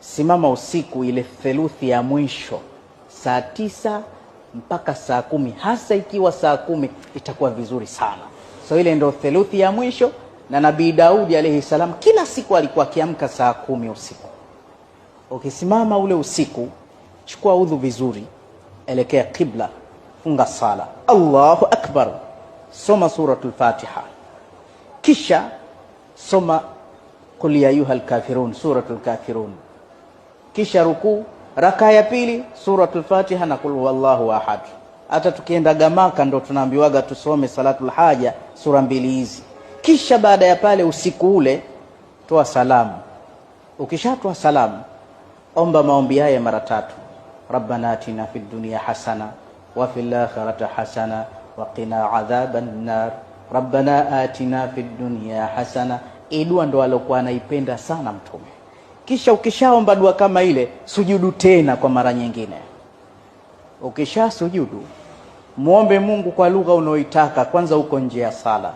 simama usiku ile theluthi ya mwisho saa tisa mpaka saa kumi hasa ikiwa saa kumi itakuwa vizuri sana. So ile ndio theluthi ya mwisho, na Nabii Daudi alaihi salam kila siku alikuwa akiamka saa kumi usiku. Ukisimama ule usiku, chukua udhu vizuri, elekea kibla, funga sala, Allahu akbar, soma suratul Fatiha, kisha soma qul ya ayyuhal kafirun, suratul kafirun kisha rukuu, rakaa ya pili suratul Fatiha na kul huwallahu ahad. Hata tukienda Gamaka ndo tunaambiwaga tusome salatul haja sura mbili hizi, kisha baada ya pale usiku ule toa salamu. Ukishatoa salamu, omba maombi haya mara tatu: rabbana atina fid dunya hasana wa fil akhirati hasana wa qina adhaban nar rabbana atina fid dunya hasana. Idua ndo alokuwa anaipenda sana Mtume kisha ukishaomba dua kama ile, sujudu tena kwa mara nyingine. Ukisha sujudu, muombe Mungu kwa lugha unaoitaka kwanza, uko nje ya sala,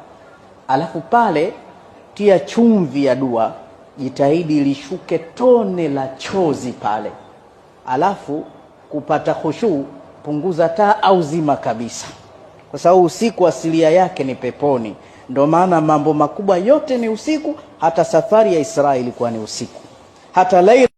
alafu pale tia chumvi ya dua, jitahidi lishuke tone la chozi pale, alafu kupata khushuu, punguza taa au zima kabisa, kwa sababu usiku asilia yake ni peponi. Ndio maana mambo makubwa yote ni usiku, hata safari ya Israeli ilikuwa ni usiku hata laila